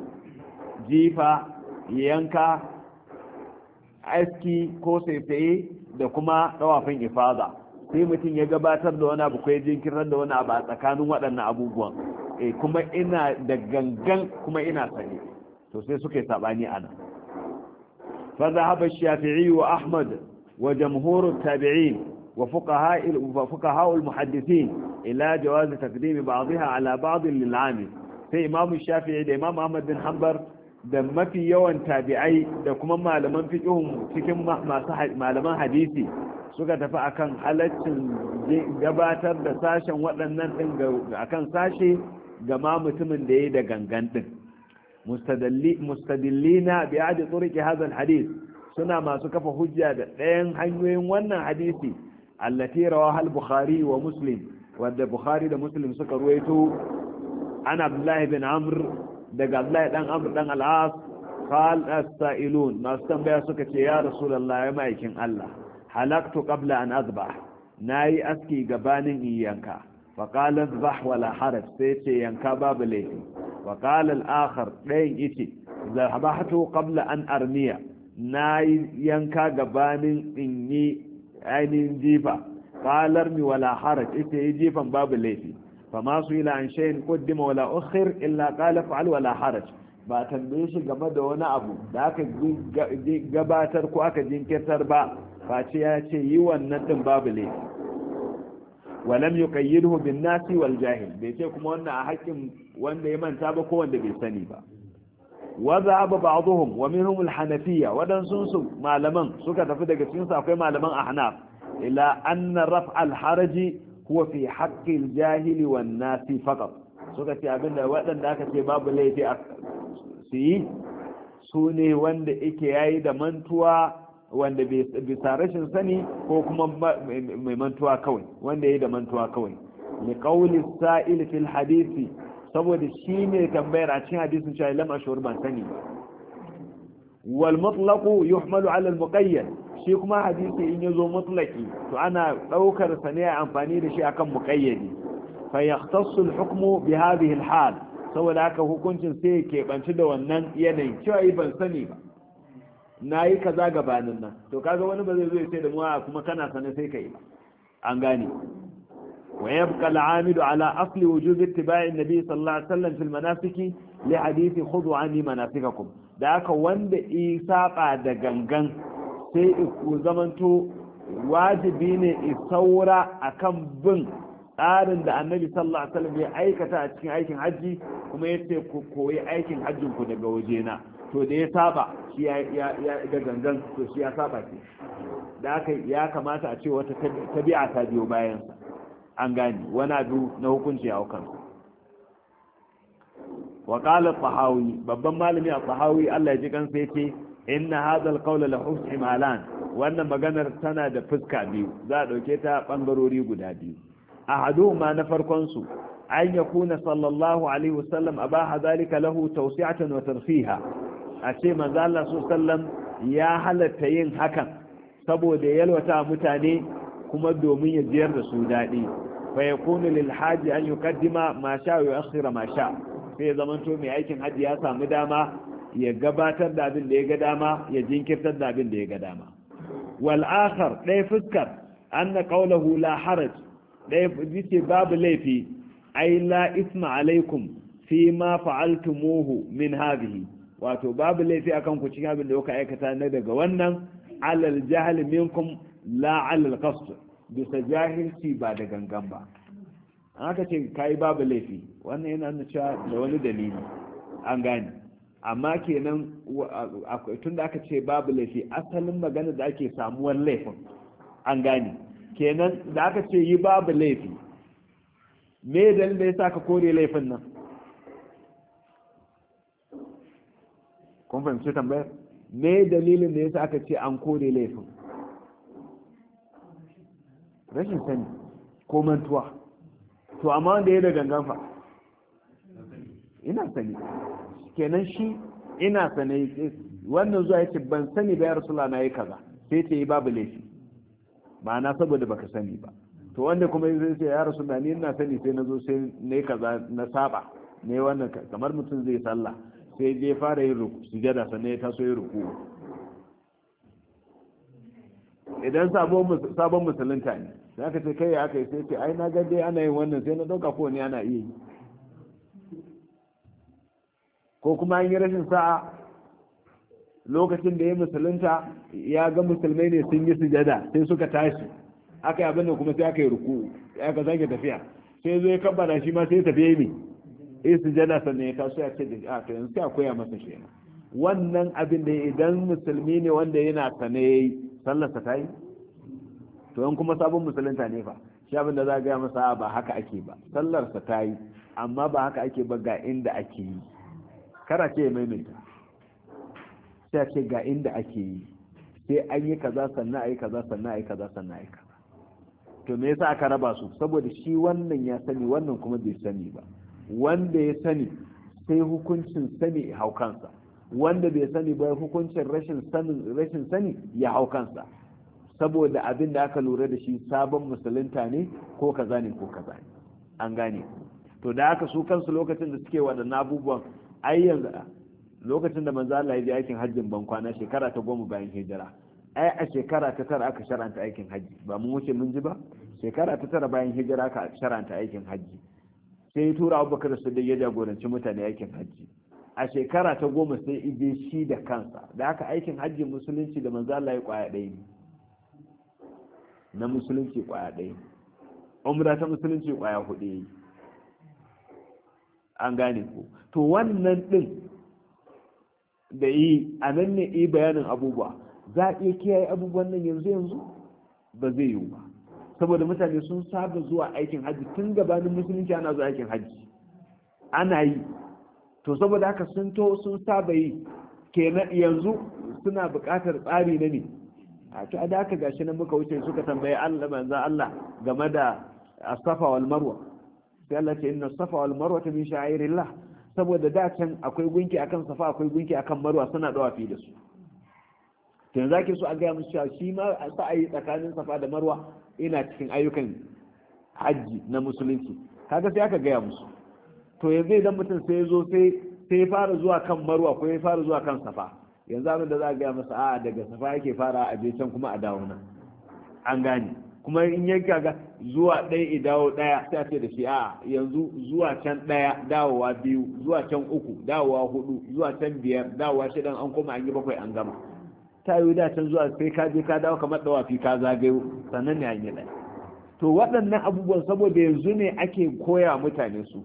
jifa yanka aski ko saifaye da kuma ɗawafin ifaza sai mutum ya gabatar da wani abu kai jinkirar da wani abu a tsakanin waɗannan abubuwan e kuma ina da gangan kuma ina sani to sai suka yi saɓani ana faza haɓar shafi'i wa ahmad wa jamhurin tabi'in wa fuka ha'ul muhaddisin ila jawazin takdimi ba'adiha ala ba'adin lil'ami sai Imam shafi'i da imamu ahmad bin hanbar da mafi yawan tabi'ai da kuma malaman fiƙihun cikin masu malaman hadisi suka tafi akan halaccin gabatar da sashen waɗannan ɗin akan sashe gama mutumin da ya yi da gangan ɗin mustadillina bi aji tsoriki hazan hadis suna masu kafa hujja da ɗayan hanyoyin wannan hadisi allati rawa hal bukhari wa muslim wadda bukhari da muslim suka ruwaito an abdullahi bin amr daga Abdullahi dan Amr dan Al-As qal as-sa'ilun masu tambaya suka ce ya Rasulullah ya maikin Allah halaktu qabla an azba nayi aski gabanin iyanka fa qala azbah wala haraj sai ce yanka babu laifi wa qala al-akhar dayan yace zabahtu qabla an armiya nayi yanka gabanin in yi ainihin jifa qalar mi wala haraj jifan babu laifi fama su ila an shayin qaddima wala ukhir illa qala fa'al wala haraj ba tambaye shi game da wani abu da aka gabatar ko aka jinkirtar ba face ya ce yi wannan din babu laifi walam yuqayyidhu bin nasi wal jahil bai ce kuma wannan a hakkin wanda ya manta ba ko wanda bai sani ba وذهب بعضهم ومنهم الحنفية ودنسنسو مالمان suka tafi daga أخوي مالمان أحناف إلا أن رفع haraji huwa fi haqqil jahili wa nasi faqat suka ce abinda waɗanda aka ce babu laifi a su yi su ne wanda yake yayi da mantuwa wanda bisa rashin sani ko kuma mai mantuwa kawai wanda yayi da mantuwa kawai li qawli sa'il fil hadisi saboda shi ne tambayar a cikin hadisin cewa lam ashur ban sani wal mutlaqu yuhmalu ala al muqayyad shi kuma hadisi in ya zo mutlaki to ana ɗaukar sa ne amfani da shi akan muƙayyadi. fa yahtassu al-hukmu bi hadhihi al-hal saboda haka hukuncin sai ke banci da wannan yanayin cewa yi ban sani ba na yi kaza gabanin nan to kaga wani ba zai zo ya sai da mu kuma kana sane sai kai ba an gane ويبقى العامل على أصل وجوب اتباع النبي صلى الله عليه وسلم في المناسك لحديث خذوا عني da haka wanda isa ba da gangan sai ku zamanto wajibi ne a kan bin tsarin da annabi sallallahu alaihi wasallam ya aikata a cikin aikin hajji kuma ya ce ku koyi aikin hajjin ku daga wajena to da ya saba shi ya ga gangan to shi ya saba ce da aka ya kamata a ce wata tabi'a ta biyo bayan an gani wani abu na hukunci ya hukan wa qala tahawi babban malami a tahawi Allah ya ji kansa yace inna hadal qawla la husm wannan maganar tana da fuska biyu za a ɗauke ta ɓangarori guda biyu ma na farkon su an kuna sallallahu alaihi wasallam abaha zalika lahu tawsi'atan wa tarfiha a ce manzo Allah sallam ya halatta yin hakan saboda yalwata mutane kuma domin ya jiyar da su daɗi fa yakunu lil haji an yuqaddima ma sha wa yu'akhkhira ma sha sai zamanto mai aikin haji ya samu dama ya gabatar da abin da ya ga dama ya jinkirtar da abin da ya ga dama wal ɗaya fuskar anna qawluhu la haraj ɗaya yace babu laifi ai la isma alaikum fi ma fa'altumuhu min hadhihi wato babu laifi akan ku cikin abin da kuka aikata na daga wannan alal jahl minkum la alal qasd bisa jahilci ba da gangan ba an aka ce kai babu laifi wannan yana nuna cewa da wani dalili an gane amma kenan tun da aka ce babu laifi asalin magana da ake samuwar laifin an gane kenan da aka ce yi babu laifi me dalilin da ya sa ka kore laifin nan kun fahimci tambayar me dalilin da ya sa aka ce an kore laifin rashin sani ko mantuwa to amma wanda ya da gangan fa ina sani kenan shi ina sane wannan zuwa yace ban sani ba ya rasula na yi kaza sai ta yi eh, babu laifi ma'ana saboda baka sani ba to wanda kuma zai ce ya rasula ni ina sani sai na zo sai na yi kaza na saba ne wannan kamar mutum zai sallah sai je fara yin ruku sujada sannan ya taso yin ruku idan sabon musulunta ne za ka ce kai ya aka yi sai ce ai na ga ana yin wannan sai na ɗauka ko ne ana iya yi ko kuma an yi rashin sa'a lokacin da ya musulunta ya ga musulmai ne sun yi sujada sai suka tashi aka yi abin da kuma sai aka yi ruku aka zage tafiya sai zo ya kabbara shi ma sai ya tafi yi yi sujada sannan ya taso ya ce da a ah, to yanzu sai a koya masa shi wannan abin da idan musulmi ne wanda yana sane yayi sallarsa ta yi to in kuma sabon musulunta ne fa shi abin da za a gaya masa ah, ba haka ake ba sallarsa ta yi amma ba haka ake ba ga inda ake yi kana ce maimaita sai ce ga inda ake yi sai an yi kaza sannan a yi kaza sannan a yi kaza sannan a yi kaza to me yasa aka raba su saboda shi wannan ya sani wannan kuma bai sani ba wanda ya sani sai hukuncin sani ya hau kansa wanda bai sani ba hukuncin rashin sanin rashin sani ya hau kansa saboda abin da aka lura da shi sabon musulunta ne ko kaza ne ko kaza ne an gane to da haka su kansu lokacin da suke waɗannan abubuwan ai yanzu lokacin da manzo Allah ya je aikin hajjin ban kwana shekara ta goma bayan hijira ai a shekara ta tara aka sharanta aikin hajji ba mun wuce mun ji ba shekara ta tara bayan hijira aka sharanta aikin hajji sai ya tura abubakar siddiq ya jagoranci mutane aikin hajji a shekara ta goma sai ije shi da kansa da haka aikin hajji musulunci da manzo Allah ya kwaya ɗaya ne na musulunci kwaya ɗaya umra ta musulunci kwaya hudu an gane ku to wannan din da yi a nan ne yi bayanin abubuwa za a iya kiyaye abubuwan nan yanzu yanzu ba zai yiwu ba saboda mutane sun saba zuwa aikin hajji tun gabanin musulunci ana zuwa aikin hajji ana yi to saboda haka sun to sun saba yi kenan yanzu suna buƙatar tsari na ne a to a da aka gashi nan muka wuce suka tambaye Allah manzo Allah game da as-safa wal marwa sai Allah ce inna safa wal marwa min sha'irillah saboda da can akwai gunki akan safa akwai gunki akan marwa suna fi da su to yanzu ake so a ga musu cewa shi ma yi tsakanin safa da marwa ina cikin ayyukan hajji na musulunci kaga sai aka gaya musu to yanzu idan mutum sai ya zo sai sai ya fara zuwa kan marwa ko ya fara zuwa kan safa yanzu abin da za a gaya masa a daga safa yake fara a je can kuma a dawo nan an gane kuma in yanka ga zuwa ɗaya i dawo ɗaya ta ce da shi a yanzu zuwa can ɗaya dawowa biyu zuwa can uku dawowa hudu zuwa can biyar dawowa shidan an koma an yi bakwai an gama ta yi da can zuwa sai ka je ka dawo kamar fi ka zagayo sannan ne an yi ɗaya to waɗannan abubuwan saboda yanzu ne ake koya mutane su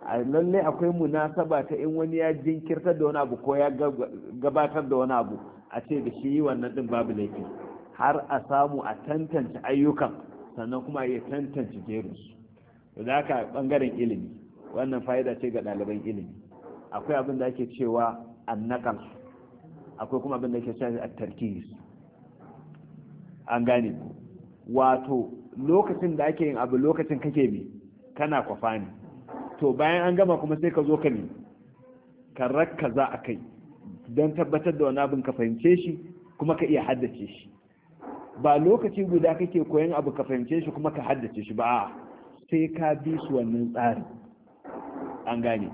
A lallai akwai munasaba ta in wani ya jinkirtar da wani abu ko ya gabatar da wani abu a ce da shi yi wannan din babu laifi har a samu a tantance ayyukan sannan kuma ya tantance jerinsu da haka bangaren ilimi wannan fa'ida ce ga ɗaliban ilimi akwai abin da ake cewa annakal akwai kuma abin da ake cewa tarkis an gane wato lokacin da ake yin abu lokacin kake bi kana kwafa ne to bayan an gama kuma sai ka zo ka ne ka rakka za a kai don tabbatar da wani abin ka fahimce shi kuma ka iya haddace shi ba lokaci guda kake koyan abu ka fahimce shi kuma ka haddace shi ba sai ka bi su wannan tsari an gane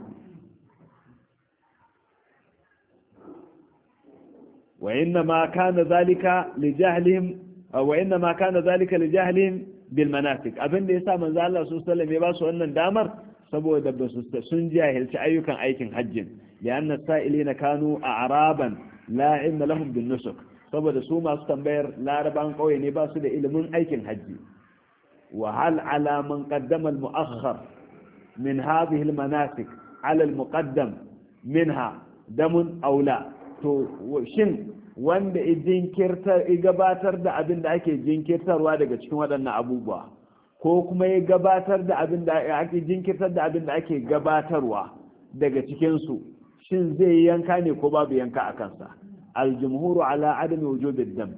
wa inna ma kana zalika li jahlihim zalika li bil manasik abin da yasa manzo Allah sallallahu alaihi ya ba su wannan damar saboda ba su sun jahilci ayyukan aikin hajjin li anna sa'ilina kanu a'raban la lahum bin saboda su masu tambayar laraban kauye ne ba su da ilimin aikin hajji Wahal hal ala man qaddama al mu'akhkhar min hadhihi al manasik ala al muqaddam minha damun aula to shin wanda jinkirtar gabatar da abin da ake jinkirtarwa daga cikin waɗannan abubuwa ko kuma ya gabatar da abin da ake jinkirtar da abin da ake gabatarwa daga cikinsu shin zai yanka ne ko babu yanka a kansa al-jumhuru ala adam wujub dam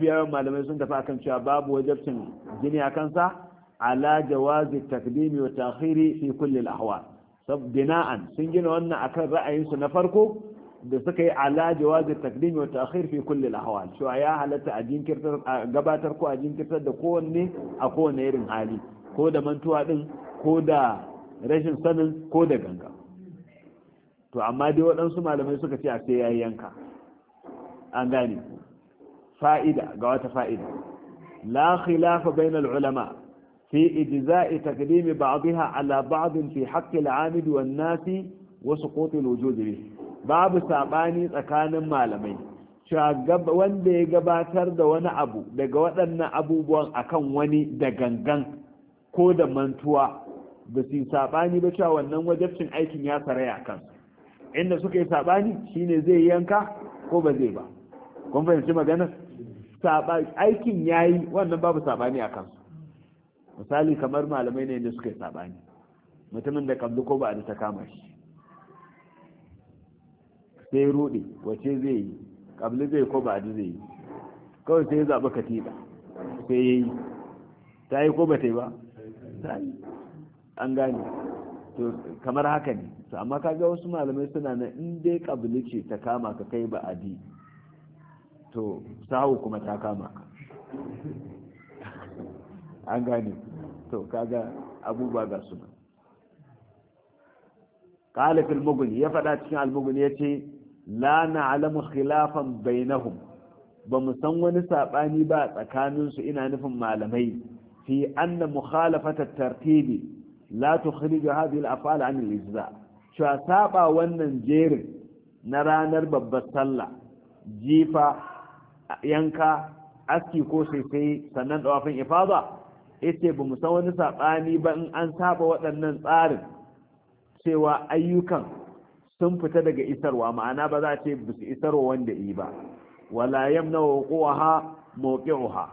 yawan malamai sun tafi akan cewa babu wajen jini a kansa ala jawazi takdimi wa ta'khiri fi kulli al-ahwal bina'an sun gina wannan akan ra'ayinsu na farko da suka yi ala jawazi takdimi wa ta'khir fi kulli al-ahwal cewa ya halatta a jinkirtar gabatar ko a jinkirtar da kowanne a kowanne irin hali ko da mantuwa din ko da rashin sanin ko da ganga to amma dai waɗansu malamai suka ce a sai ya yanka an gane fa'ida ga wata fa'ida la khilafa bayan ulama fi ijza'i taqdimi ba'dihha ala ba'd fi haqqi al-'amid wan nasi wa suqut babu sabani tsakanin malamai wanda ya gabatar da wani abu daga waɗannan abubuwan akan wani da gangan ko da mantuwa ba su saɓani ba cewa wannan wajabcin aikin ya saraya kansu inda suka yi saɓani shine zai yanka ko ba zai ba kun fahimci saba aikin ya yi wannan babu sabani a kansu misali kamar malamai ne da suka yi sabani mutumin da kabdu ko ba a ta kama shi sai rudi wace zai yi kabli zai ko ba a zai yi kawai sai zaɓi katiba. sai ya yi ta yi ko ba ta yi ba ta yi an gane to kamar haka ne to amma kaga wasu malamai suna na in dai kabili ce ta kama ka kai ba to sahu kuma ta kama an gane to kaga abubuwa ga su qala fil mughni ya fada cikin al ya ce, la na'lamu khilafan bainahum ba mu san wani saɓani ba tsakanin su ina nufin malamai fi anna mukhalafata tartibi la tukhriju hadhihi al af'al an al ijza cewa saba wannan jerin na ranar babbar sallah jifa yanka aski ko sai sai sannan dawafin ifada ce ba mu san wani saɓani ba in an saba waɗannan tsarin cewa ayyukan sun fita daga isarwa ma'ana ba za a ce bisu isarwa wanda yi ba wala yamna wuquha mawqi'uha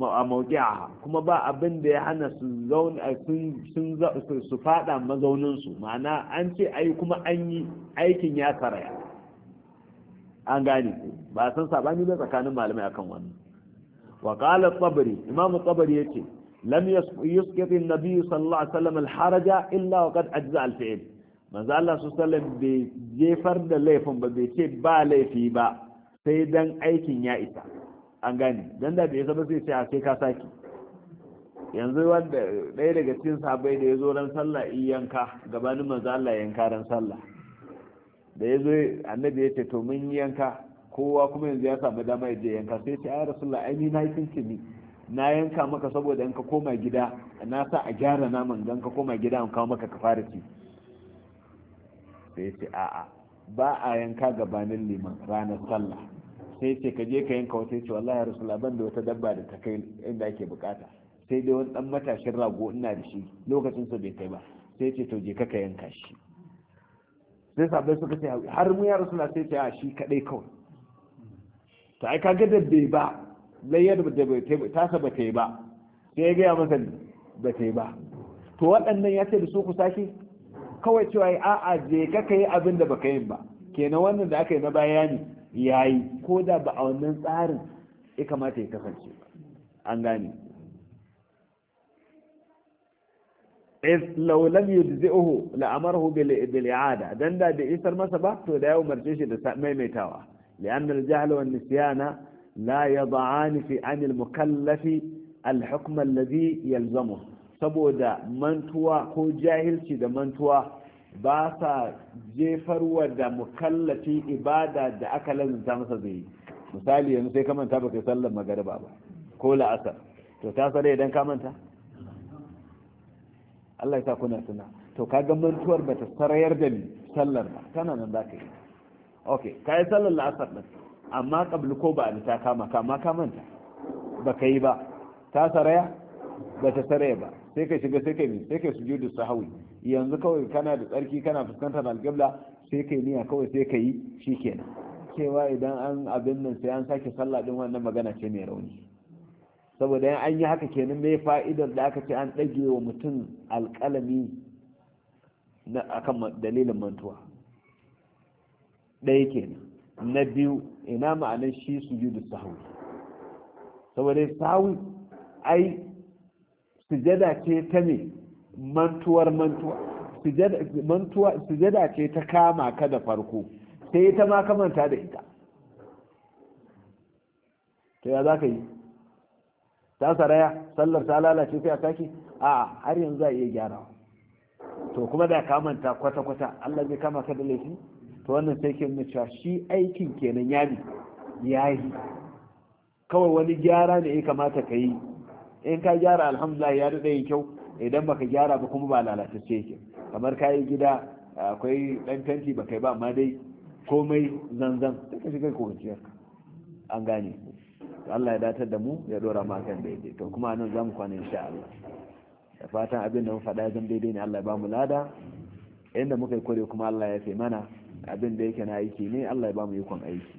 mawqi'aha kuma ba abin da ya hana su faɗa sun fada mazaunin ma'ana an ce ai kuma an yi aikin ya karaya an gane ba san sabani ba tsakanin malamai akan wannan wa qala tabari imamu tabari yace lam yusqit an-nabi sallallahu alaihi wasallam al-haraja illa wa qad ajza al-fi'l manzo Allah sallallahu alaihi wasallam bai jefar da laifin ba bai ce ba laifi ba sai dan aikin ya isa an gane dan da bai saba sai sai sai ka saki yanzu wanda ɗaya daga cikin sabai da ya zo ran sallah iyanka gabanin manzo Allah yanka ran sallah da ya zo annabi ya ce to mun yi yanka kowa kuma yanzu ya samu dama ya je yanka sai ce ya rasulullah ai ni na yi tuntuni na yanka maka saboda in ka koma gida na sa a gyara naman ganka ka koma gida in kawo maka fara ci sai ce a a ba a yanka gabanin liman ranar sallah sai ce ka je ka yanka wata ce wallahi rasulullah ban da wata dabba da ta kai inda ake bukata sai dai wani dan matashin rago ina da shi lokacin sa bai kai ba sai ce to je ka yanka shi sai sabai suka ce har mu ya rasula sai ce a shi kadai kawai ta ai ka da bai ba layyar da bai ta sa ba ta yi ba sai ya gaya masa ba ta ba to waɗannan ya ce da su ku saki kawai cewa a je ka kai abin da baka yin ba kenan wannan da aka yi na bayani yayi ko da ba a wannan tsarin ya kamata ya kasance an gane is law lam yujzi'uhu la amarahu bil i'ada dan da bai isar masa ba to da ya umarce shi da maimaitawa li'anna al-jahla wan nisyana la yad'an fi an al-mukallaf al-hukm alladhi saboda mantuwa ko jahilci da mantuwa ba sa jefarwa da mukallafi ibada da aka lazanta masa zai misali yanzu sai ka manta baka sallar magariba ba ko la'asar to ta sare idan ka manta Allah ya sa kuna suna to ka ga mantuwar bata sarayar da ni sallar ba kana nan za ka yi ok ka yi sallar la'asar ɗin amma ƙabli ko ba ta kama kama ka manta ba ka yi ba ta saraya ba ta saraya ba sai ka shiga sai ka yi sai ka sujudu sahawi yanzu kawai kana da tsarki kana fuskantar alƙibla sai ka yi niyya kawai sai ka yi shi kenan cewa idan an abin nan sai an sake sallah ɗin wannan magana ce mai rauni saboda yan an yi haka kenan mai fa'idar da aka ce an ɗage wa mutum alƙalami na akan dalilin mantuwa ɗaya kenan na biyu ina ma'anar shi su yi da sahawi saboda sahawi ai sujada ce ta ne mantuwar mantuwa sujada ce ta kama ka da farko sai ita ma kamanta da ita to ya za ka yi ta saraya sallar ta lalace sai a taki a'a har yanzu za a iya gyarawa to kuma da ka manta kwata-kwata Allah zai kama ka da laifi to wannan sai ke nuna cewa shi aikin kenan ya bi ya kawai wani gyara ne ya kamata ka yi in ka gyara alhamdulillah ya dade yi kyau idan baka gyara ba kuma ba lalatacce yake kamar ka yi gida akwai ɗan tanti ba kai ba amma dai komai zanzan sai ka shiga an gane to Allah ya datar da mu ya dora mu daidai to kuma nan zamu kwana insha Allah da fatan abin da mu faɗa zan daidai ne Allah ya bamu lada inda muka yi kore kuma Allah ya fi mana abin da yake na aiki ne Allah ya ba ikon aiki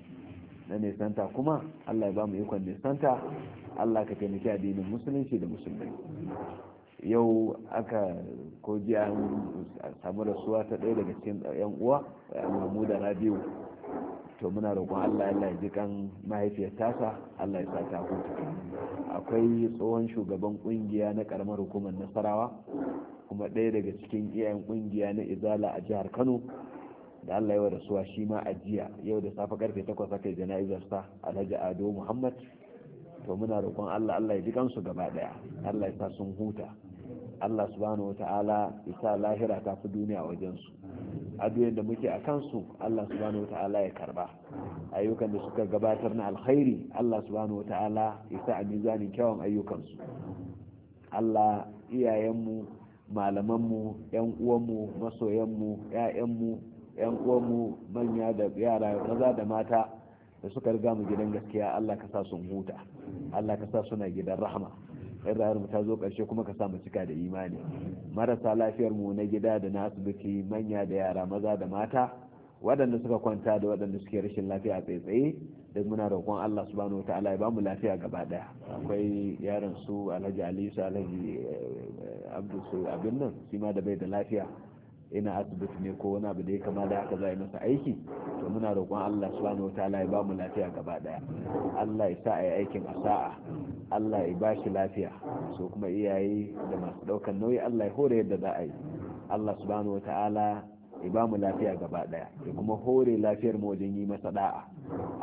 na nisanta kuma Allah ya bamu ikon nisanta Allah ka taimaki addinin musulunci da musulmai yau aka ko jiya an samu rasuwa ta ɗaya daga cikin yan uwa mamu da rabiu to muna roƙon allah allah ya ji kan mahaifiyar tasa allah ya sa ta huta akwai tsohon shugaban ƙungiya na ƙaramar hukumar nasarawa kuma ɗaya daga cikin iyayen ƙungiya na izala a jihar kano da allah ya wa rasuwa shi ma a jiya yau da safe karfe takwas aka yi jana'izarsa alhaji ado muhammad to muna roƙon Allah Allah ya ji kansu gaba daya Allah ya sa sun huta Allah subhanahu wata'ala ya sa lahira ta fi duniya wajen su addu'o'in da muke a kansu Allah subhanahu wata'ala ya karba ayyukan da suka gabatar na alkhairi Allah subhanahu wata'ala ya sa a mizanin kyawun ayyukansu Allah iyayenmu malamanmu yan uwanmu masoyanmu ƴaƴanmu yan uwanmu manya da yara maza da mata da suka riga mu gidan gaskiya Allah ka sa sun huta Allah ka sa suna gidan rahama in rayuwar mu ta zo ƙarshe kuma ka sa mu cika da imani marasa lafiyar mu na gida da na asibiti manya da yara maza da mata waɗanda suka kwanta da waɗanda suke rashin lafiya tsaye-tsaye duk muna roƙon Allah subhanahu wa ta'ala ya ba mu lafiya gaba ɗaya akwai yaron su Alhaji Alisa Alhaji eh, Abdul abin nan shi ma da bai da lafiya ina asibiti ne ko wani abu da ya kama da haka za a yi masa aiki to muna roƙon Allah subhanahu wataala ya ba mu lafiya gaba daya Allah ya sa a yi aikin a sa'a Allah ya ba shi lafiya so kuma iyaye da masu ɗaukar nauyi Allah ya hore yadda za a yi Allah subhanahu wataala ya ba mu lafiya gaba daya ya kuma hore lafiyar mu wajen yi masa da'a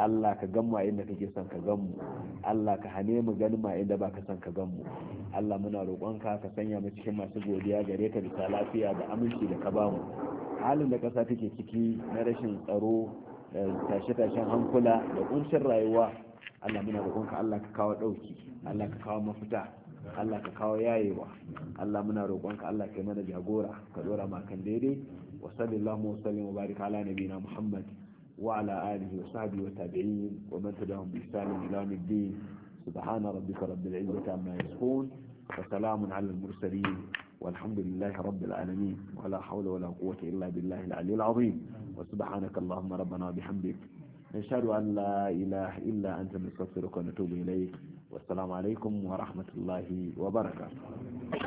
Allah ka gan mu inda kake son ka gan mu Allah ka hane mu ganin ma inda baka son ka gan mu Allah muna roƙon ka sanya mu cikin masu godiya gare ka da lafiya da aminci da ka ba mu halin da kasa take ciki na rashin tsaro da tashe-tashen hankula da kuncin rayuwa Allah muna ka Allah ka kawo ɗauki Allah ka kawo mafita Allah ka kawo yayewa Allah muna roƙonka Allah ka mana jagora ka dora makan daidai وصل اللهم وسلم وبارك على نبينا محمد وعلى آله وصحبه والتابعين ومن تبعهم بإحسان إلى يوم الدين سبحان ربك رب العزة عما يصفون وسلام على المرسلين والحمد لله رب العالمين ولا حول ولا قوة إلا بالله العلي العظيم وسبحانك اللهم ربنا بحمدك نشهد أن لا إله إلا أنت نستغفرك ونتوب إليك والسلام عليكم ورحمة الله وبركاته